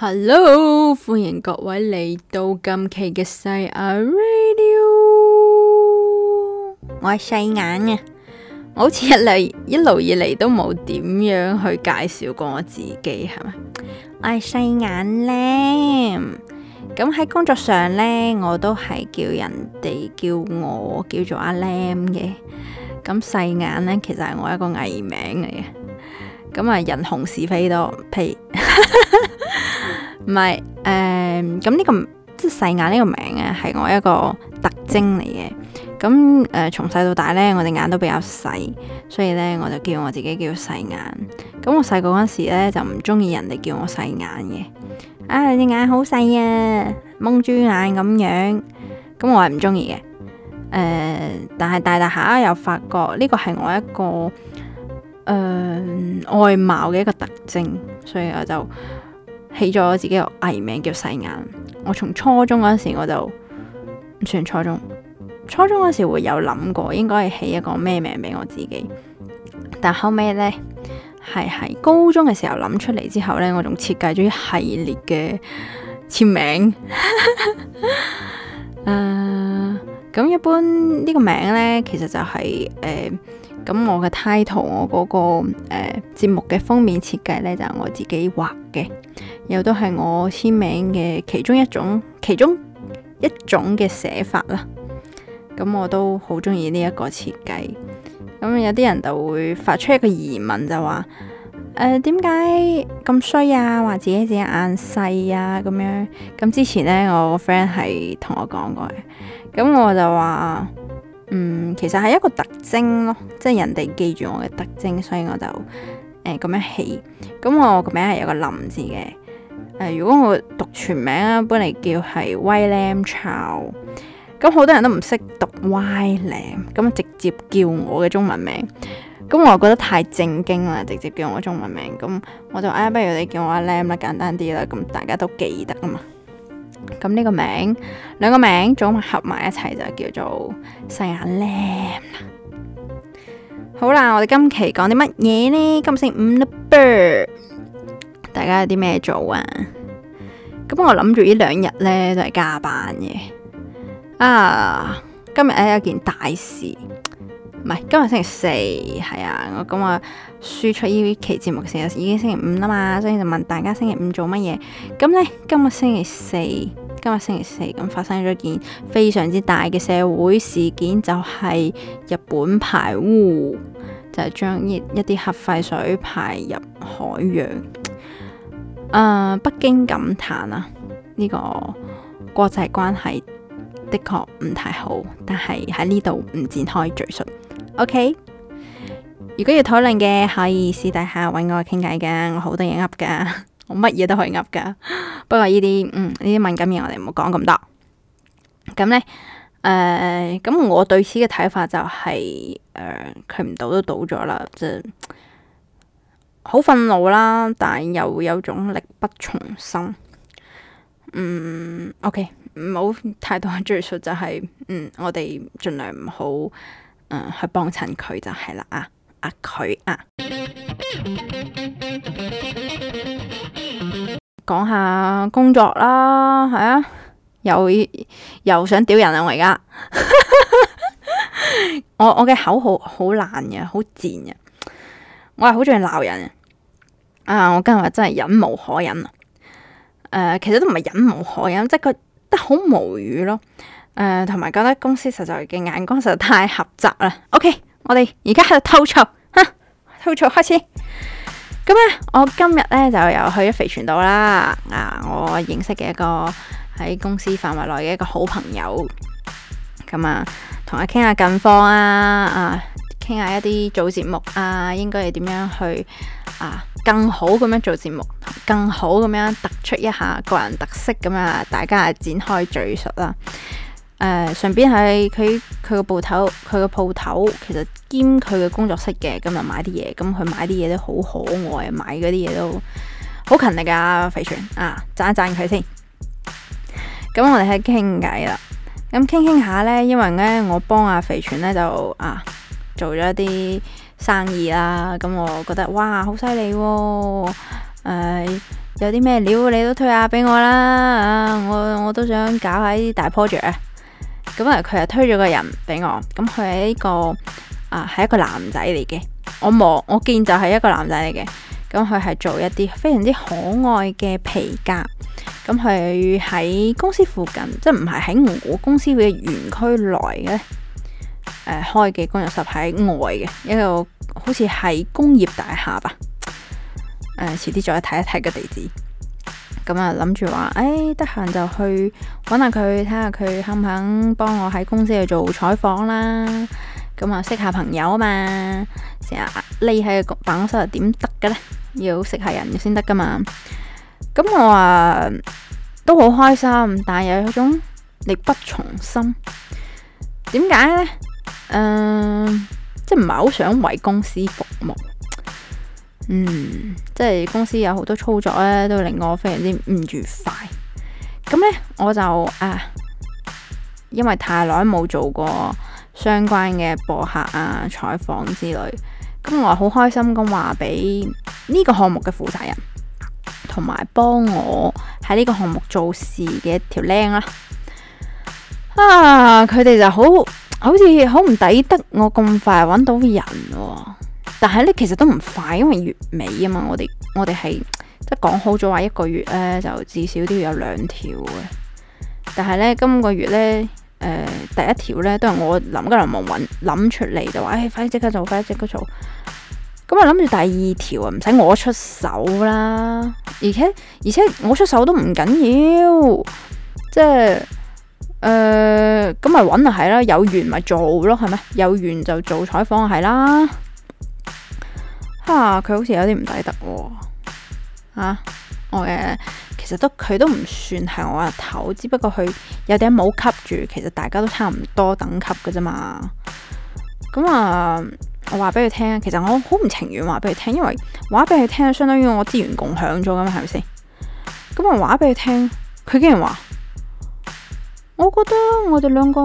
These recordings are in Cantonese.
Hello，歡迎各位嚟到今期嘅細眼 Radio。我係細眼啊，我好似一嚟一路以嚟都冇點樣去介紹過我自己，係咪？我係細眼咧，咁喺工作上咧，我都係叫人哋叫我叫做阿 Lam 嘅。咁細眼咧，其實係我一個藝名嚟嘅。咁啊，人紅是非多，呸。唔係，誒，咁、呃、呢、這個即係細眼呢個名啊，係我一個特徵嚟嘅。咁、嗯、誒，從、呃、細到大呢，我哋眼都比較細，所以呢，我就叫我自己叫細眼。咁、嗯、我細個嗰陣時呢，就唔中意人哋叫我細眼嘅，啊，你隻眼好細啊，蒙豬眼咁樣。咁我係唔中意嘅。誒、嗯，但係大大下又發覺呢個係我一個外、呃、貌嘅一個特徵，所以我就。起咗自己個藝名叫細眼，我從初中嗰陣時我就唔算初中，初中嗰時會有諗過應該係起一個咩名俾我自己，但後尾呢，係喺高中嘅時候諗出嚟之後呢，我仲設計咗一系列嘅簽名，誒，咁一般呢個名呢，其實就係、是、誒。Uh, 咁我嘅 title，我嗰、那個誒節、呃、目嘅封面設計呢，就係、是、我自己畫嘅，又都係我簽名嘅其中一種，其中一種嘅寫法啦。咁我都好中意呢一個設計。咁有啲人就會發出一個疑問就，就話誒點解咁衰啊？話自己隻眼細啊咁樣。咁之前呢，我個 friend 係同我講過嘅，咁我就話。嗯，其實係一個特徵咯，即係人哋記住我嘅特徵，所以我就誒咁、呃、樣起。咁、嗯、我個名係有個林字嘅。誒、呃，如果我讀全名啊，本嚟叫係 William Chow 咁好、嗯、多人都唔識讀 William 咁直接叫我嘅中文名，咁、嗯、我就覺得太正經啦，直接叫我中文名，咁、嗯、我就哎、嗯，不如你叫我阿 Lam 啦，簡單啲啦，咁、嗯、大家都記得啊嘛。咁呢個名，兩個名總合埋一齊就叫做細眼 Lam 啦。好啦，我哋今期講啲乜嘢呢？今星期五啦 b，大家有啲咩做啊？咁我諗住呢兩日呢，都係加班嘅。啊，今日係一件大事。唔係，今日星期四，係啊，我今日輸出呢期節目嘅時候已經星期五啦嘛，所以就問大家星期五做乜嘢。咁呢，今日星期四，今日星期四咁、嗯、發生咗件非常之大嘅社會事件，就係、是、日本排污，就係、是、將呢一啲核廢水排入海洋。誒、呃，北京感嘆啊，呢、這個國際關係的確唔太好，但係喺呢度唔展開敘述。OK，如果要討論嘅，可以私底下搵我傾偈噶，我好多嘢噏噶， 我乜嘢都可以噏噶。 不過呢啲，嗯，呢啲敏感嘢，我哋唔好講咁多。咁呢，誒、呃，咁我對此嘅睇法就係、是，佢唔到都到咗啦，就好、是、憤怒啦，但又有種力不從心。嗯，OK，唔好太多贅述，就係、是，嗯，我哋盡量唔好。嗯、去幫襯佢就係啦啊，啊佢啊，講、啊、下工作啦，係啊，又又想屌人啊我而家，我 我嘅口好好爛嘅，好賤嘅，我係好中意鬧人啊！我今日真係忍無可忍啊！呃、其實都唔係忍無可忍，即係覺得好無語咯。誒，同埋、呃、覺得公司實在嘅眼光實在太狹窄啦。OK，我哋而家喺度吐槽，吓吐槽開始。咁啊，我今日咧就又去咗肥泉島啦。啊，我認識嘅一個喺公司範圍內嘅一個好朋友，咁啊，同我傾下近況啊，啊，傾下一啲做節目啊，應該係點樣去啊更好咁樣做節目，更好咁樣突出一下個人特色咁啊，大家展開敘述啦。誒，順便係佢佢個鋪頭，佢個鋪頭其實兼佢嘅工作室嘅，咁就買啲嘢，咁、嗯、佢買啲嘢都好可愛，買嗰啲嘢都好勤力噶、啊。肥泉啊，讚一讚佢先。咁、嗯、我哋係傾偈啦，咁傾傾下呢，因為呢，我幫阿、啊、肥泉呢就啊做咗一啲生意啦，咁、嗯、我覺得哇，好犀利喎！誒、呃，有啲咩料你都推下俾我啦，啊，我我都想搞下啲大 project 啊。咁啊，佢又推咗個人俾我，咁佢係呢個啊，係、呃、一個男仔嚟嘅，我望我見就係一個男仔嚟嘅，咁佢係做一啲非常之可愛嘅皮革，咁佢喺公司附近，即係唔係喺我公司嘅園區內嘅，誒、呃、開嘅工作室喺外嘅，一個好似係工業大廈吧，誒、呃，遲啲再睇一睇個地址。咁啊，諗住話，誒，得閒就去搵下佢，睇下佢肯唔肯幫我喺公司度做採訪啦。咁啊，識下朋友啊嘛，成日匿喺個辦公室係點得嘅呢？要識下人先得噶嘛。咁我話都好開心，但係又有種力不從心。點解呢？嗯、呃，即係唔係好想為公司服務。嗯，即係公司有好多操作咧，都令我非常之唔愉快。咁呢，我就啊，因為太耐冇做過相關嘅播客啊、採訪之類，咁我好開心咁話俾呢個項目嘅負責人，同埋幫我喺呢個項目做事嘅條靚啦。啊，佢哋就好好似好唔抵得我咁快揾到人喎，啊。但係咧，其實都唔快，因為月尾啊嘛。我哋我哋係即係講好咗話一個月咧，就至少都要有兩條嘅。但係咧，今個月咧，誒、呃、第一條咧都係我臨急臨忙搵諗出嚟就話，誒、哎，快啲，即刻做，快啲，即刻做。咁啊，諗、嗯、住第二條啊，唔使我出手啦。而且而且我出手都唔緊要，即係誒咁咪搵就係啦，有緣咪做咯，係咪？有緣就做採訪係啦。佢、啊、好似有啲唔抵得喎、哦啊，我嘅、呃、其實都佢都唔算係我阿頭，只不過佢有啲冇吸住，其實大家都差唔多等級嘅啫嘛。咁、嗯、啊，我話俾佢聽，其實我好唔情願話俾佢聽，因為話俾佢聽相當於我資源共享咗㗎嘛，係咪先？咁、嗯、啊，話俾佢聽，佢竟然話，我覺得我哋兩個，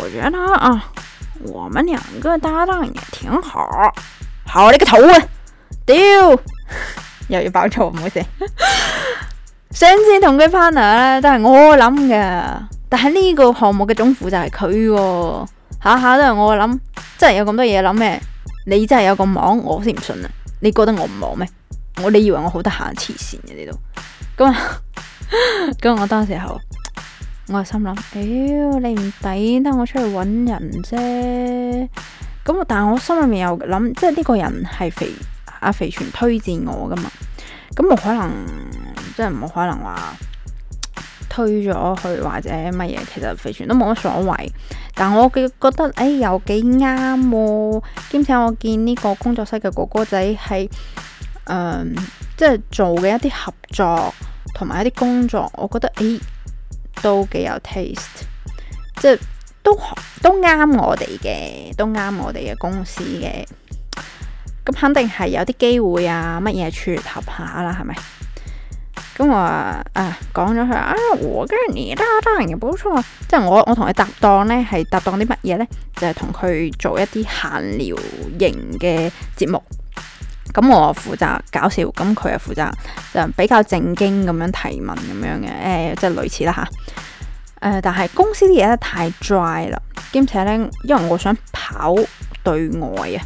我覺得啊，我們兩個搭檔也挺好。刨你個肚啊！屌， 又要爆肚，唔好意思。 上次同佢 partner 咧都係我諗嘅，但係呢個項目嘅總負就係佢、啊，下下都係我諗，真係有咁多嘢諗咩？你真係有咁忙，我先唔信啦、啊。你覺得我唔忙咩？我你以為我好得閒黐線嘅呢度？咁啊，咁 我當時後，我心諗，屌、哎！你唔抵，得我出去揾人啫。咁但係我心裏面又諗，即係呢個人係肥阿、啊、肥全推薦我噶嘛，咁我可能，即係冇可能話推咗去或者乜嘢，其實肥全都冇乜所謂。但我嘅覺得，誒、哎、又幾啱、哦，兼且我見呢個工作室嘅哥哥仔係，誒、呃、即係做嘅一啲合作同埋一啲工作，我覺得誒、哎、都幾有 taste，即係。都都啱我哋嘅，都啱我哋嘅公司嘅，咁肯定係有啲機會啊，乜嘢撮合下啦，係咪？咁我啊，講咗佢啊，我跟李丹丹嘅冇錯，即係我我同佢搭檔呢，係搭檔啲乜嘢呢？就係同佢做一啲閒聊型嘅節目，咁我負責搞笑，咁佢又負責就比較正經咁樣提問咁樣嘅，誒、欸，即係類似啦吓。啊誒、呃，但係公司啲嘢咧太 dry 啦，兼且咧，因為我想跑對外啊，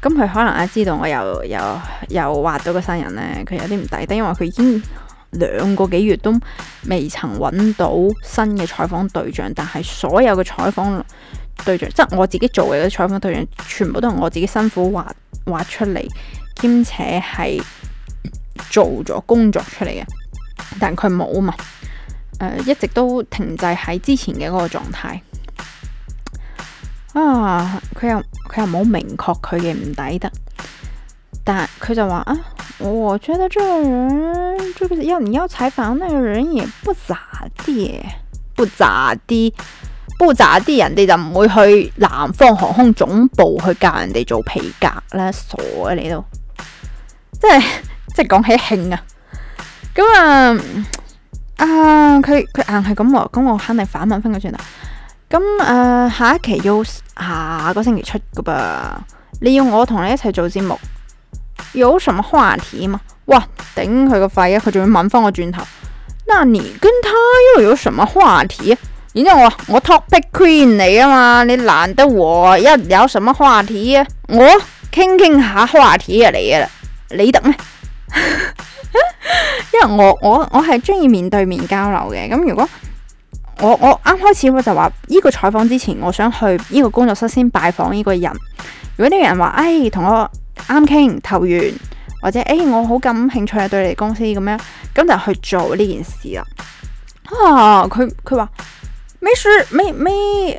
咁佢可能啊知道我又又又挖到個新人咧，佢有啲唔抵得，因為佢已經兩個幾月都未曾揾到新嘅採訪對象，但係所有嘅採訪對象，即係我自己做嘅嗰啲採訪對象，全部都係我自己辛苦挖挖出嚟，兼且係做咗工作出嚟嘅，但佢冇啊嘛。呃、一直都停滯喺之前嘅嗰個狀態啊！佢又佢又冇明確佢嘅唔抵得，但佢就話啊，我覺得呢個人，這個要你要採訪那個人也不咋啲，不咋啲，不咋啲，人哋就唔會去南方航空總部去教人哋做皮革啦，傻啊你都，即係即係講起興啊，咁啊。呃啊，佢佢、uh, 硬係咁喎，咁我肯定反問翻佢轉頭。咁誒，uh, 下一期要下個、啊、星期出噶噃，你要我同你一齊做節目，有什麼話題嘛？哇，頂佢個肺，佢仲要問翻我轉頭。那你跟他又有什麼話題？而家我我 topic queen 你啊嘛，你懶得話，一有什麼話題、啊？我傾傾下話題你啊，你等。 因為我我我係中意面對面交流嘅，咁如果我我啱開始我就話呢個採訪之前，我想去呢個工作室先拜訪呢個人。如果呢個人話，哎，同我啱傾投緣，或者哎，我好感興趣對你哋公司咁樣，咁就去做呢件事啦。啊，佢佢話咩事咩咩？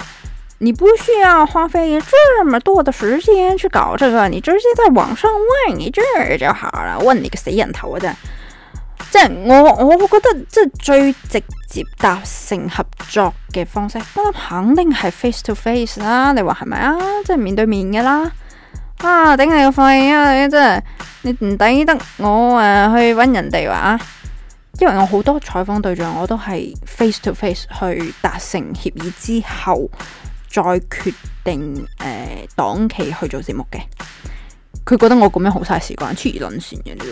你不需要花費這麼多的時間去搞這個，你直接在網上問你這就好了。問你個死人頭、啊、真的？即係我，我覺得即係最直接達成合作嘅方式，咁肯定係 face to face 啦。你話係咪啊？即係面對面嘅啦。啊，頂你個肺啊！你真係你唔抵得我誒、呃、去搵人哋話啊，因為我好多採訪對象我都係 face to face 去達成協議之後。再決定誒檔期去做節目嘅，佢覺得我咁樣好嘥時間，黐線嘅了，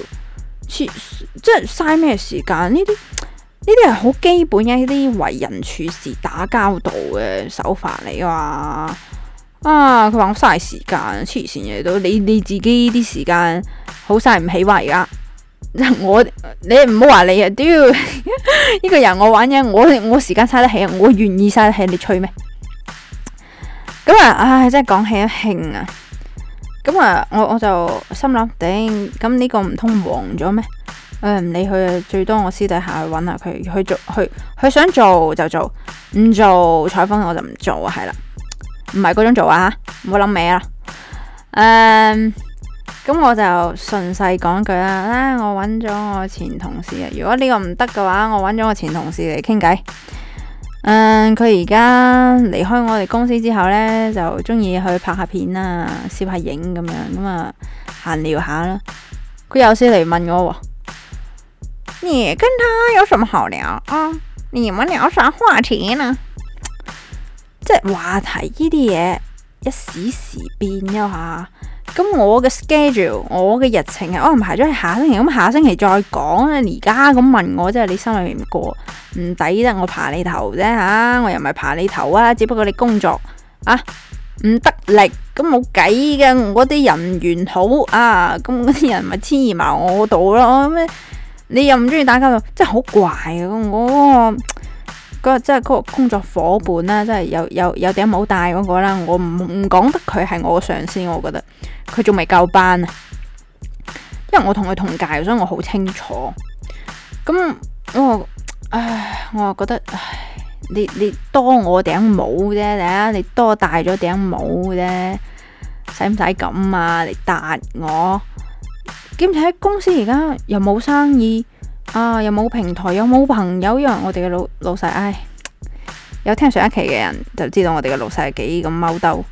黐即係嘥咩時間？呢啲呢啲係好基本嘅呢啲為人處事打交道嘅手法嚟啊！啊，佢話我嘥時間，黐線嘢都你你自己啲時間好嘥唔起哇？而家我你唔好話你啊，屌呢 個人我玩嘢，我我時間嘥得起啊，我願意嘥得起，你吹咩？咁、嗯哎、啊，唉，真係講起都興啊！咁啊，我我就心諗，頂咁呢個唔通黃咗咩？嗯，唔理佢，最多我私底下去搵下佢，去做，去，佢想做就做，唔做採訪我就唔做，係啦，唔係嗰種做啊，唔好諗歪啦。嗯，咁我就順勢講句啦、啊，唉、啊，我搵咗我前同事啊，如果呢個唔得嘅話，我搵咗我前同事嚟傾偈。誒，佢而家離開我哋公司之後呢，就中意去拍下片啊、攝下影咁樣，咁啊閒聊下啦。佢有時嚟問我喎，你跟他有什麼好聊啊、嗯？你們聊啥話題呢？即係話題呢啲嘢一時時變咗下。咁、嗯、我嘅 schedule，我嘅日程係安、哦、排咗喺下星期，咁、嗯、下星期再講咧。而家咁問我，即係你心裏面唔過唔抵得我爬你頭啫吓、啊，我又唔係爬你頭啊，只不過你工作啊唔得力，咁冇計嘅。我啲人緣好啊，咁嗰啲人咪黐埋我度咯。咩、啊嗯？你又唔中意打交道，真係好怪啊。嘅我。咁嗰即係嗰個工作伙伴啦，即係有有有頂帽戴嗰個啦，我唔唔講得佢係我上司，我覺得佢仲未夠班啊，因為我同佢同屆，所以我好清楚。咁我唉，我又覺得唉，你你多我頂帽啫，你啊，你多戴咗頂帽啫，使唔使咁啊？你答我，兼且公司而家又冇生意。啊！又冇平台，又冇朋友，因為我哋嘅老老細，唉，有聽上一期嘅人就知道我哋嘅老細幾咁踎兜，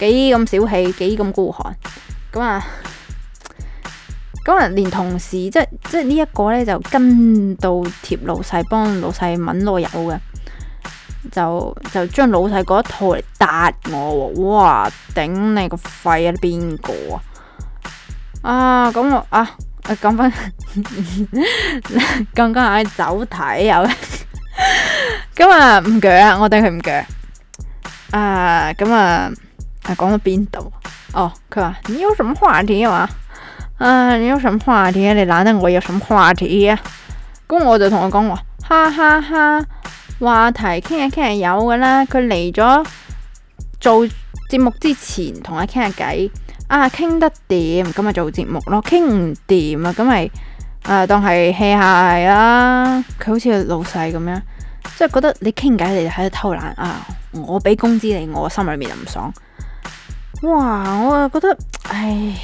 幾咁小氣，幾咁孤寒，咁啊，咁啊，連同事即係即係呢一個呢，就跟到貼老細，幫老細揾路友嘅，就就將老細嗰一套嚟答我，哇！頂你個肺啊！邊個啊？啊咁我啊！講翻，更加係走睇有，咁日唔鋸啊，我對佢唔鋸。啊、 嗯，咁、嗯、啊，講、嗯、到邊度？哦，佢話你有什麼話題嘛、啊？啊，你有什麼話題、啊、你懶得我有什麼話題啊？咁、嗯、我就同佢講話，哈，哈哈哈，話題傾下傾下有噶啦。佢嚟咗做節目之前，同我傾下偈。啊，傾得掂，今日做節目咯；傾唔掂啊，咁咪啊，當係 hea 下啦。佢好似老細咁樣，即係覺得你傾偈，你就喺度偷懶啊！我俾工資你，我心裏面就唔爽。哇！我又覺得，唉，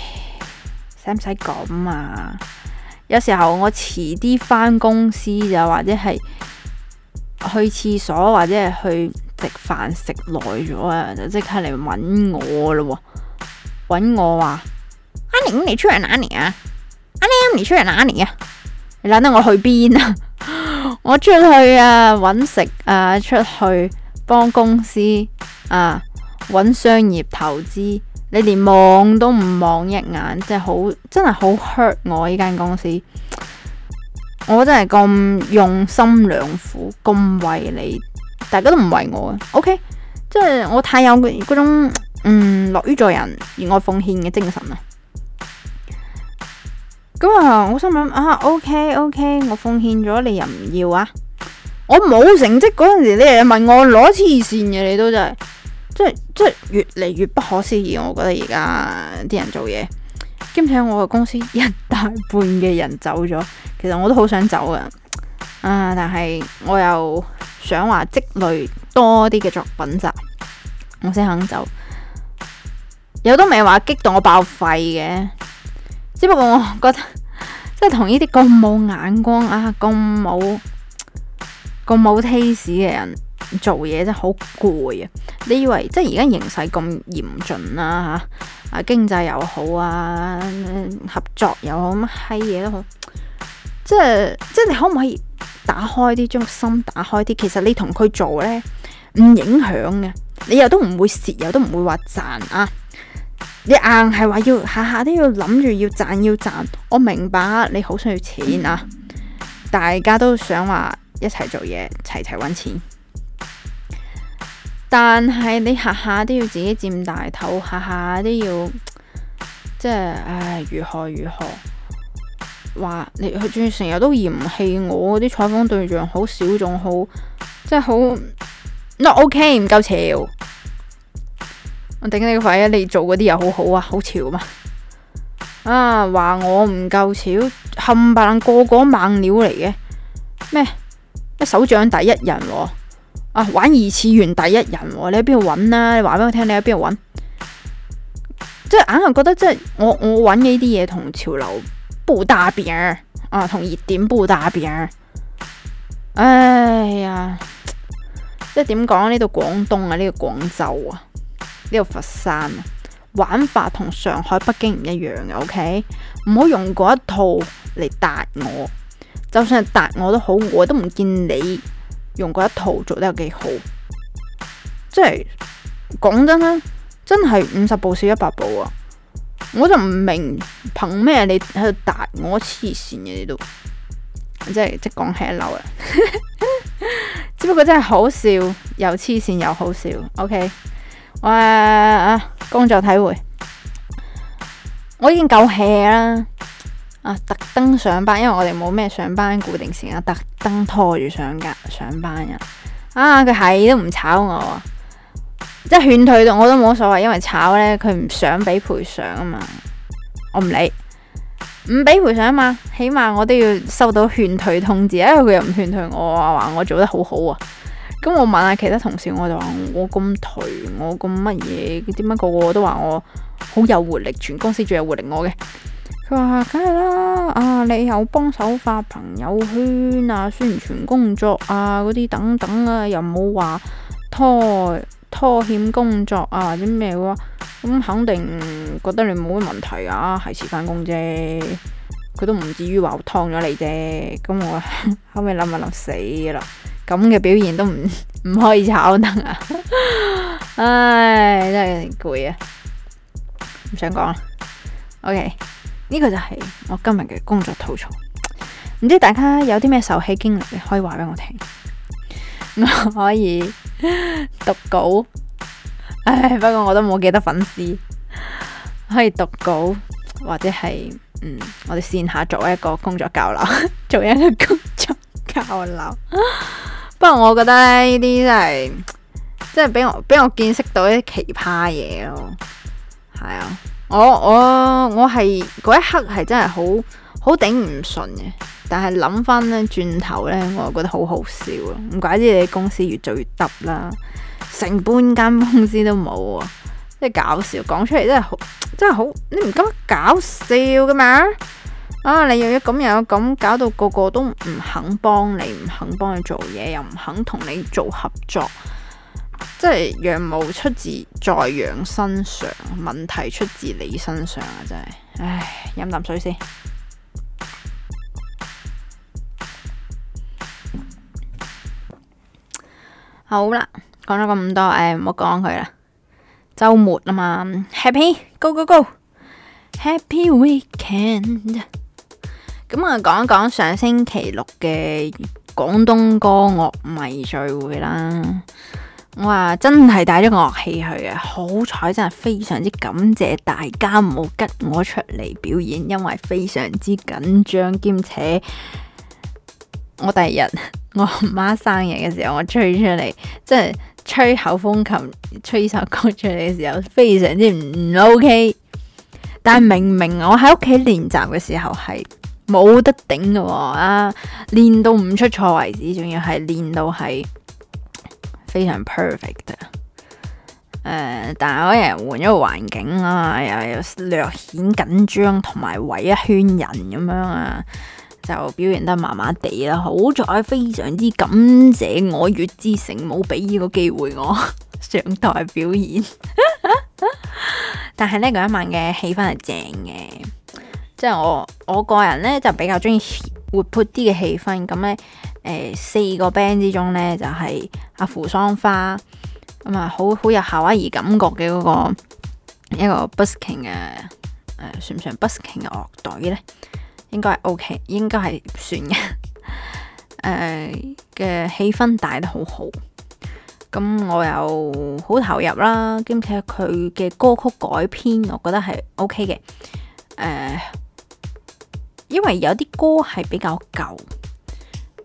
使唔使咁啊？有時候我遲啲返公司就或者係去廁所或者係去食飯食耐咗啊，就即刻嚟搵我咯。搵我話，阿寧你出去哪裏啊？阿寧你出去哪裏啊？你懶得我去邊啊？我出去啊，搵食啊，出去幫公司啊，搵商業投資。你連望都唔望一眼，真係好真係好 hurt 我呢間公司。我真係咁用心良苦，咁為你，大家都唔為我啊。OK，即係我太有嗰種。嗯，樂於助人、熱愛奉獻嘅精神啊！咁、嗯、啊，我心諗啊，OK OK，我奉獻咗你又唔要啊？我冇成績嗰陣時你，你又問我攞黐線嘅，你都真係即係真係越嚟越不可思議。我覺得而家啲人做嘢，兼且我嘅公司一大半嘅人走咗，其實我都好想走啊。啊，但係我又想話積累多啲嘅作品，咋我先肯走。有都未話激到我爆肺嘅，只不過我覺得即係同呢啲咁冇眼光啊，咁冇咁冇 taste 嘅人做嘢真係好攰啊！你以為即係而家形勢咁嚴峻啦、啊、吓，啊經濟又好啊合作又好乜閪嘢都好，即係即係你可唔可以打開啲，將個心打開啲？其實你同佢做呢，唔影響嘅，你又都唔會蝕，又都唔會話賺啊。你硬係話要下下都要諗住要賺要賺，我明白你好想要錢啊！嗯、大家都想話一齊做嘢，齊齊搵錢。但係你下下都要自己佔大頭，下下都要即係唉，如何如何？話你佢仲要成日都嫌棄我啲採訪對象好小眾，好即係好 not ok 唔夠潮。我頂你個肺啊！你做嗰啲又好好啊，好潮嘛！啊，話我唔夠潮，冚唪唥個個猛料嚟嘅咩？首長第一人喎、哦，啊玩二次元第一人喎、哦，你喺邊度揾啦？你話俾我聽，你喺邊度揾？即係硬係覺得，即係我我揾嘅呢啲嘢同潮流煲搭邊啊，同熱點煲搭邊啊！哎呀，即係點講呢？呢度廣東啊，呢個廣州啊！呢度佛山玩法同上海、北京唔一樣嘅，OK？唔好用嗰一套嚟答我，就算係答我都好，我都唔見你用嗰一套做得有幾好。即係講真啦，真係五十步笑一百步啊！我就唔明憑咩你喺度答我黐線嘅，你都即係即係講起嬲啊！ 只不過真係好笑，又黐線又好笑，OK？哇、啊！工作體會，我已經夠 hea 啦。啊，特登上班，因為我哋冇咩上班固定時間，特登拖住上架上班呀。啊，佢係都唔炒我，即係勸退到我都冇所謂，因為炒呢，佢唔想俾賠償啊嘛。我唔理，唔俾賠償啊嘛，起碼我都要收到勸退通知，因為佢又唔勸退我啊，話我，我做得好好啊。咁我問下其他同事，我就話我咁頹，我咁乜嘢點解，個個都話我好有活力，全公司最有活力我嘅。佢話梗係啦，啊你又幫手發朋友圈啊，宣傳工作啊嗰啲等等啊，又冇話拖拖欠工作啊或者咩嘅，咁、啊、肯定覺得你冇乜問題啊，係遲翻工啫。佢都唔至於話我劏咗你啫。咁我後尾諗下諗死啦。咁嘅表現都唔唔可以炒得啊！ 唉，真係攰啊，唔想講啦。OK，呢個就係我今日嘅工作吐槽。唔知大家有啲咩受氣經歷，你可以話俾我聽。我可以讀稿，唉，不過我都冇幾多粉絲。可以讀稿，或者係嗯，我哋綫下做一個工作交流，做一個工作。 搞 不過我覺得咧，呢啲真係，真係俾我俾我見識到一啲奇葩嘢咯。係啊，我我我係嗰一刻係真係好好頂唔順嘅，但係諗翻咧，轉頭咧，我又覺得好好笑啊！唔怪之你公司越做越揼啦，成半間公司都冇啊，即係搞笑，講出嚟，真係好，真係好，你唔覺得搞笑噶嘛？啊！你又要咁又要咁，搞到個個都唔肯幫你，唔肯幫你做嘢，又唔肯同你做合作，即係羊毛出自在羊身上，問題出自你身上啊！真係，唉，飲啖水先。 好啦，講咗咁多，誒、呃，唔好講佢啦，周末吖嘛，Happy，Go Go Go，Happy Weekend。咁啊，講一講上星期六嘅廣東歌樂迷聚會啦。我話真係帶咗個樂器去嘅，好彩真係非常之感謝大家唔好吉我出嚟表演，因為非常之緊張兼且我第二日我媽生日嘅時候，我吹出嚟即係吹口風琴，吹首歌出嚟嘅時候，非常之唔 ok。但係明明我喺屋企練習嘅時候係。冇得頂嘅、哦，啊！練到唔出錯為止，仲要係練到係非常 perfect 嘅。誒、呃，但係可能換咗個環境啊，又略顯緊張，同埋圍一圈人咁樣啊，就表現得麻麻地啦。好在非常之感謝愛粵之城，冇俾呢個機會我上台表演。 但係呢，嗰、那個、一晚嘅氣氛係正嘅。即係我，我個人咧就比較中意活潑啲嘅氣氛。咁咧，誒、呃、四個 band 之中咧就係、是、阿扶桑花咁啊、嗯，好好有夏威夷感覺嘅嗰、那個一個 busking 嘅誒算、呃、唔算 busking 嘅樂隊咧？應該係 O K，應該係算嘅。誒嘅氣氛帶得好好，咁、嗯、我又好投入啦，兼且佢嘅歌曲改編，我覺得係 O K 嘅，誒、呃。因為有啲歌係比較舊，誒、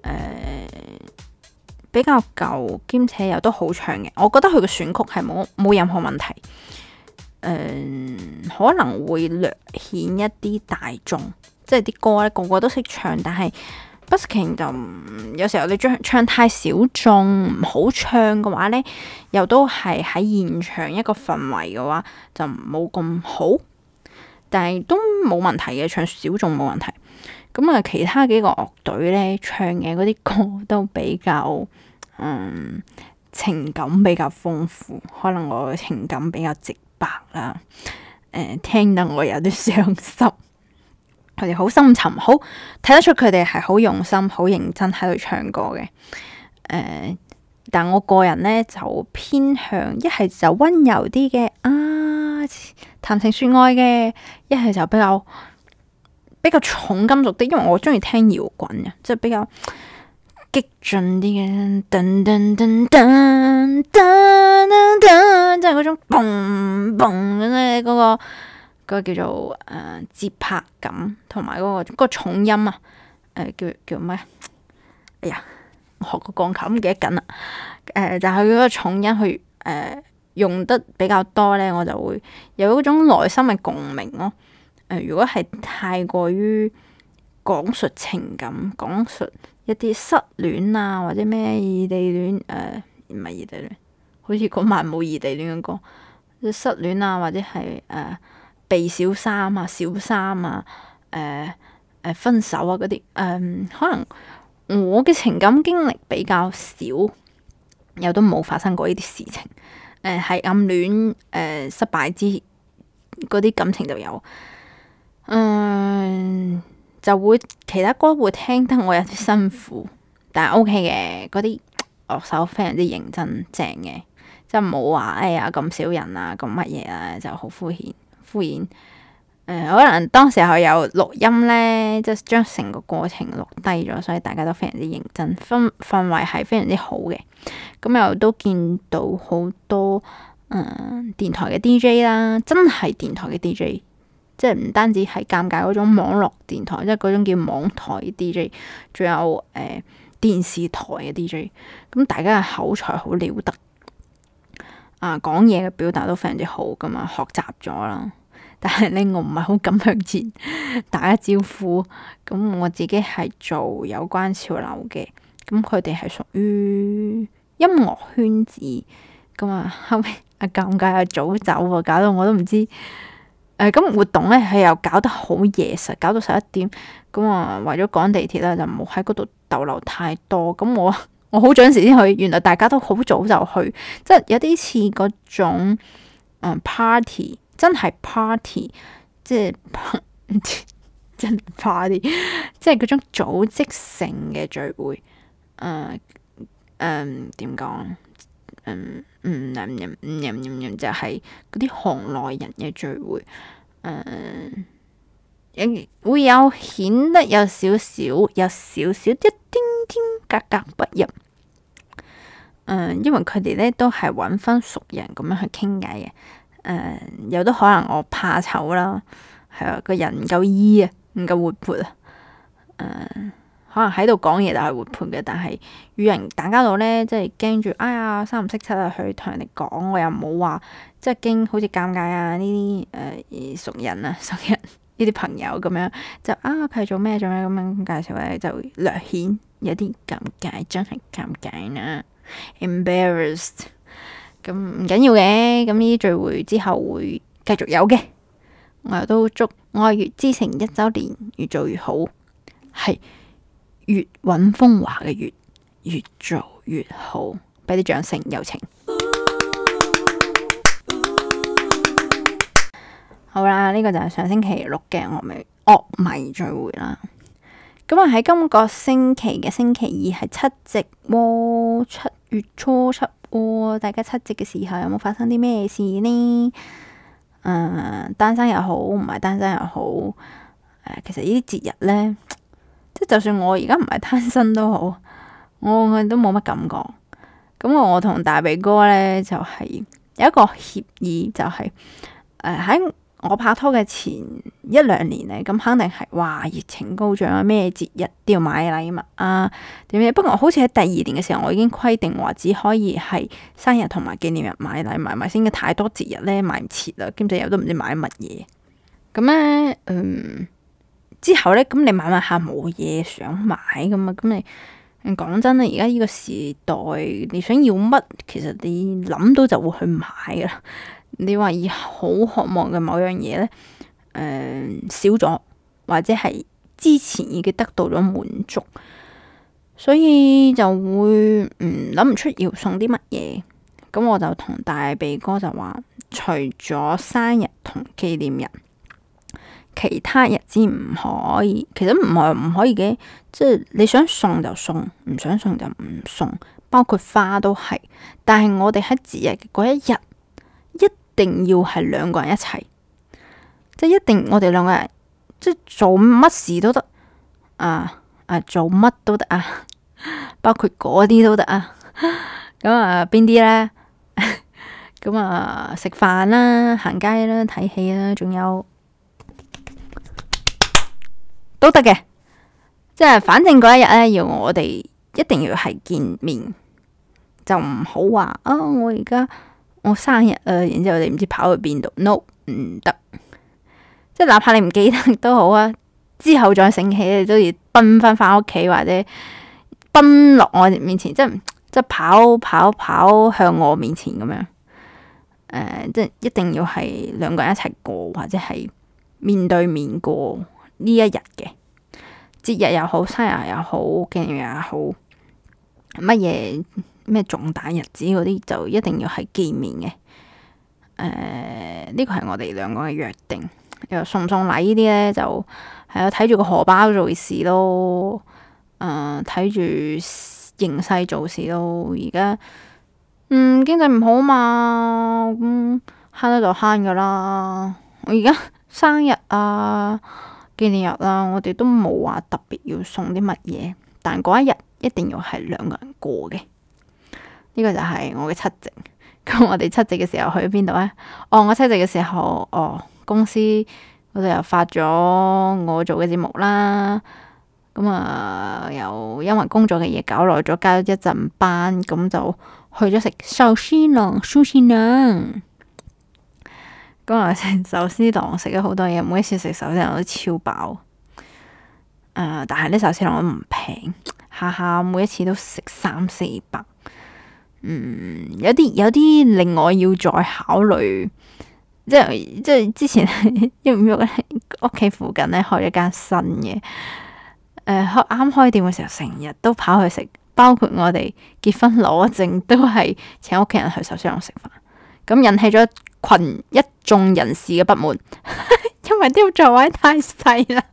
呃、比較舊兼且又都好唱嘅，我覺得佢嘅選曲係冇冇任何問題，誒、呃、可能會略顯一啲大眾，即係啲歌咧個個都識唱，但係 busking 就有時候你將唱太小眾唔好唱嘅話咧，又都係喺現場一個氛圍嘅話就冇咁好，但係都冇問題嘅，唱小眾冇問題。咁啊，其他幾個樂隊咧唱嘅嗰啲歌都比較，嗯，情感比較豐富，可能我嘅情感比較直白啦，誒，呃，聽得我有啲傷心。佢哋好深沉，好睇得出佢哋係好用心、好認真喺度唱歌嘅。呃，但我個人呢，就偏向就溫一係就温柔啲嘅啊，談情說愛嘅，一係就比較。比較重金屬啲，因為我中意聽搖滾嘅，即係比較激進啲嘅。噔噔噔噔噔噔噔，即係嗰種嘣嘣嘅咧，嗰、嗰個、嗰個叫做誒節、呃、拍感，同埋嗰個、嗰個重音啊。誒、呃，叫叫咩？哎呀，我學過鋼琴，唔記得緊啦。誒、呃，就係嗰個重音去誒、呃、用得比較多咧，我就會有嗰種內心嘅共鳴咯、喔。誒，如果係太過於講述情感，講述一啲失戀啊，或者咩異地戀誒，唔、呃、係異地戀，好似嗰晚冇異地戀咁講，失戀啊，或者係誒被小三啊、小三啊、誒、呃、誒、呃、分手啊嗰啲，誒、呃、可能我嘅情感經歷比較少，又都冇發生過呢啲事情，誒、呃、係暗戀誒、呃、失敗之嗰啲感情就有。嗯，就會其他歌會聽得我有啲辛苦，但係 O K 嘅，嗰啲樂手非常之認真，正嘅，即係冇話哎呀咁少人啊，咁乜嘢啦，就好敷衍敷衍，嗯。可能當時候有錄音呢，即係將成個過程錄低咗，所以大家都非常之認真，氛氛圍係非常之好嘅。咁、嗯、又都見到好多誒、嗯、電台嘅 DJ 啦，真係電台嘅 DJ。即係唔單止係尷尬，嗰種網絡電台，即係嗰種叫網台 DJ，仲有，誒、呃、電視台嘅 DJ，咁大家嘅口才好了得，啊講嘢嘅表達都非常之好㗎嘛，學習咗啦。但係呢，我唔係好敢向前打一招呼，咁我自己係做有關潮流嘅，咁佢哋係屬於音樂圈子，咁啊後尾，啊尷尬啊早走喎、啊，搞到我都唔知。誒，咁、嗯、活動咧係又搞得好夜實，搞到十一點。咁啊，為咗趕地鐵咧，就唔好喺嗰度逗留太多。咁我我好準時先去，原來大家都好早就去，即係有啲似嗰種、嗯、party，真係 party，即係 party，即係嗰種組織性嘅聚會。誒、嗯、誒，點、嗯、講？Um, 嗯，唔、嗯嗯嗯嗯嗯嗯、就係嗰啲行內人嘅聚會，誒、嗯，會有顯得有少少，有少少一丁丁格格不入。嗯、因為佢哋呢都係揾翻熟人咁樣去傾偈嘅，有都可能我怕醜啦，係啊，個人唔夠意啊，唔夠活潑啊，嗯可能喺度講嘢就係活潑嘅，但係與人打交道咧，即係驚住哎呀三唔識七啊，去同人哋講我又唔好話即係驚好似尷尬啊呢啲誒，熟人啊熟人呢、啊、啲朋友咁樣就啊佢係做咩做咩咁樣介紹咧，就略顯有啲尷尬，真係尷尬啦、啊。embarrassed 咁唔緊要嘅，咁呢啲聚會之後會繼續有嘅。我又都祝愛粵之城一周年越做越好，係。越揾風華嘅越越做越好，俾啲掌聲有情。 好啦，呢、這個就係上星期六嘅樂迷樂迷聚會啦。咁啊喺今個星期嘅星期二係七夕喎，七月初七喎，大家七夕嘅時候有冇發生啲咩事呢？誒、嗯，單身又好，唔係單身又好、呃，其實呢啲節日呢。即就算我而家唔係單身都好，我我都冇乜感覺。咁我同大鼻哥呢，就係有一個協議，就係、呃、喺我拍拖嘅前一兩年呢，咁肯定係哇熱情高漲啊，咩節日都要買禮物啊點樣。不過我好似喺第二年嘅時候，我已經規定話只可以係生日同埋紀念日買禮物，咪先。嘅太多節日呢，買唔切啦，兼且又都唔知買乜嘢。咁呢。嗯。之後呢，咁你買買下冇嘢想買噶嘛？咁你講真啦，而家呢個時代，你想要乜，其實你諗到就會去買噶啦。你話以好渴望嘅某樣嘢呢，少、嗯、咗，或者係之前已經得到咗滿足，所以就會唔諗唔出要送啲乜嘢。咁我就同大鼻哥就話，除咗生日同紀念日。其他日子唔可以，其實唔係唔可以嘅，即係你想送就送，唔想送就唔送，包括花都係。但係我哋喺節日嗰一日，一定要係兩個人一齊，即係一定我哋兩個人，即係做乜事都得，啊啊做乜都得啊，包括嗰啲都得啊。咁啊邊啲呢？咁啊食飯啦，行街啦，睇戲啦，仲有。都得嘅，即係反正嗰一日咧，要我哋一定要係見面，就唔好話啊！我而家我生日啊，然之後我哋唔知跑去邊度？no，唔得。即係哪怕你唔記得都好啊，之後再醒起，你都要奔翻翻屋企或者奔落我哋面前，即係即係跑跑跑向我面前咁樣。呃、即係一定要係兩個人一齊過，或者係面對面過。呢一日嘅節日又好，生日又好，見面又好，乜嘢，咩重大日子嗰啲就一定要係見面嘅。誒、呃，呢個係我哋兩個嘅約定。又送送禮呢啲呢，就係我睇住個荷包做事咯。呃、睇住形勢做事咯。而家嗯經濟唔好嘛，咁、嗯、慳得就慳噶啦。我而家生日啊。紀念日啦，我哋都冇話特別要送啲乜嘢，但嗰一日一定要係兩個人過嘅，呢、呢個就係我嘅七夕。咁我哋七夕嘅時候去咗邊度咧？哦，我七夕嘅時候，哦，公司嗰度又發咗我做嘅節目啦。咁啊、呃，又因為工作嘅嘢搞耐咗，加咗一陣班，咁就去咗食壽司郎，壽司郎。咁啊，食壽司郎食咗好多嘢，每一次食壽司郎都超飽、呃。但係呢壽司郎都唔平，下下每一次都食三四百。嗯，有啲有啲令我要再考慮，即係即係之前喐唔喐咧？屋 企 附近咧開咗間新嘅，誒、呃，啱開店嘅時候成日都跑去食，包括我哋結婚攞證都係請屋企人去壽司郎食飯，咁引起咗群一眾人士嘅不滿， 因為啲座位太細啦。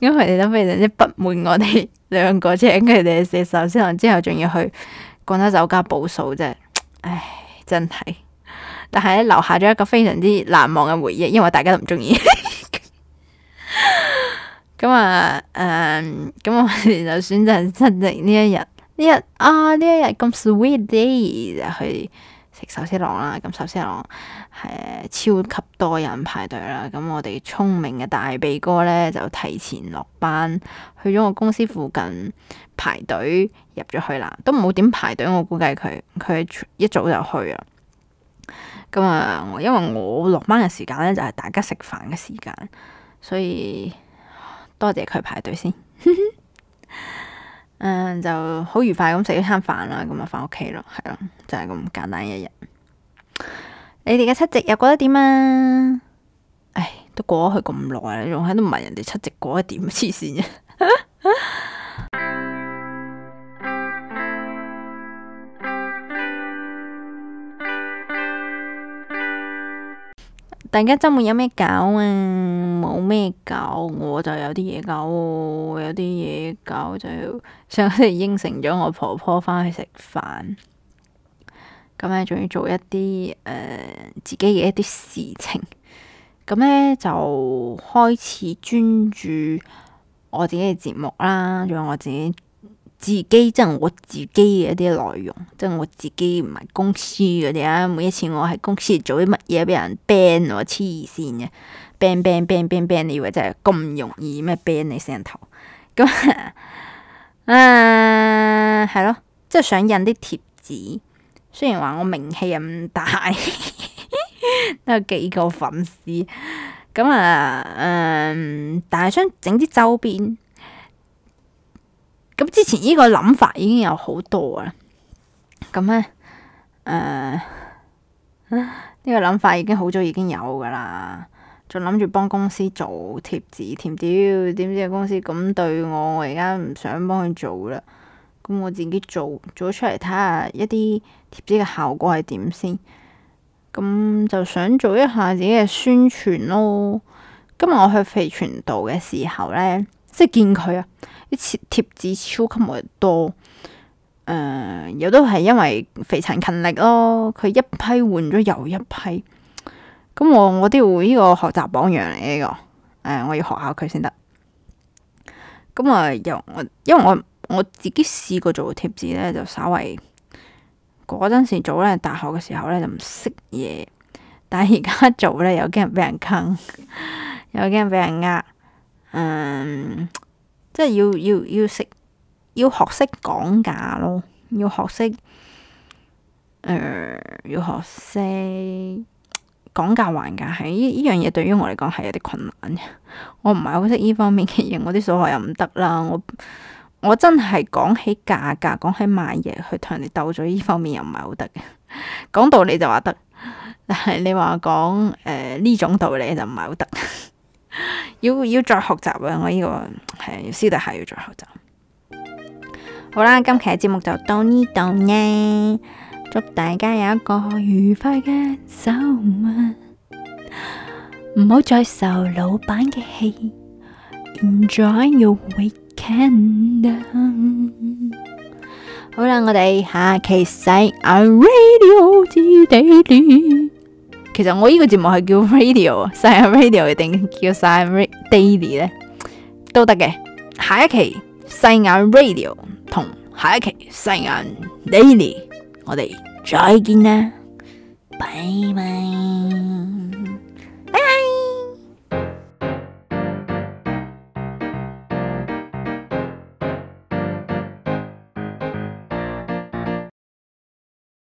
因為佢哋都非常之不滿我哋兩個請佢哋食壽司郎，之後仲要去廣州酒家補數啫。唉，真係。但係咧，留下咗一個非常之難忘嘅回憶，因為大家都唔中意。咁啊，誒、呃，咁我哋就選擇七夕呢一日，呢日啊，呢、哦、一日咁 sweet day 就去。食壽司郎啦，咁壽司郎係超級多人排隊啦。咁我哋聰明嘅大鼻哥呢，就提前落班去咗我公司附近排隊入咗去啦，都冇點排隊。我估計佢佢一早就去啦。咁啊，因為我落班嘅時間呢，就係、是、大家食飯嘅時間，所以多謝佢排隊先。 嗯、就好愉快咁食一餐飯啦，咁就返屋企咯。係咯，就係、是、咁簡單一日。你哋嘅七夕又過得點啊？唉，都過咗去咁耐啦，你仲喺度問人哋七夕過得點、啊，黐線嘅。 大家周末有咩搞啊？冇咩搞，我就有啲嘢搞、啊，有啲嘢搞、啊、就上星期應承咗我婆婆返去食飯。咁咧仲要做一啲誒、呃、自己嘅一啲事情，咁咧就開始專注我自己嘅節目啦，仲有我自己。自己即係、就是、我自己嘅一啲內容，即、就、係、是、我自己唔係公司嗰啲啊。每一次我喺公司做啲乜嘢，俾人、啊、ban 我黐線嘅，ban ban ban ban ban，你以為真係咁容易咩 ban 你上頭？咁啊係、啊、咯，即係想印啲貼紙。雖然話我名氣又唔大， 都有幾個粉絲。咁啊，嗯、啊，但係想整啲周邊。咁之前呢個諗法已經有好多啦，咁呢誒呢、呃這個諗法已經好早已經有噶啦，仲諗住幫公司做貼紙添，屌點，點知公司咁對我，我而家唔想幫佢做啦，咁我自己做，做出嚟睇下一啲貼紙嘅效果係點先，咁就想做一下自己嘅宣傳咯今日我去肥泉道嘅時候呢，即係見佢啊。啲貼紙超級無多，誒、呃，又都係因為肥陳勤力咯，佢一批換咗又一批，咁、嗯、我我都要呢個學習榜樣嚟呢、這個，誒、呃，我要學下佢先得，咁、嗯、啊、呃、又我因為我我自己試過做貼紙咧，就稍微嗰陣時做咧，大學嘅時候咧就唔識嘢，但係而家做咧又驚人俾人坑，又驚人俾人呃。嗯。即係要要要識，要學識講價咯，要學識，誒，要學識講價還價，係呢呢樣嘢對於我嚟講係有啲困難嘅。我唔係好識呢方面嘅嘢，我啲數學又唔得啦。我我真係講起價格，講起賣嘢去同人哋鬥嘴，呢方面又唔係好得嘅。講道理就話得，但係你話講誒呢種道理就唔係好得。要要再學習啊！我呢個係，要私底下，要再學習。這個、學習好啦，今期嘅節目就到呢度呢，祝大家有一個愉快嘅周末，唔好再受老闆嘅氣。Enjoy your weekend！好啦，我哋下期再。其實我呢個節目係叫 radio 啊 rad ra，細眼 radio 定叫細眼 daily 咧都得嘅。下一期細眼 radio 同下一期細眼 daily，我哋再見啦，拜拜。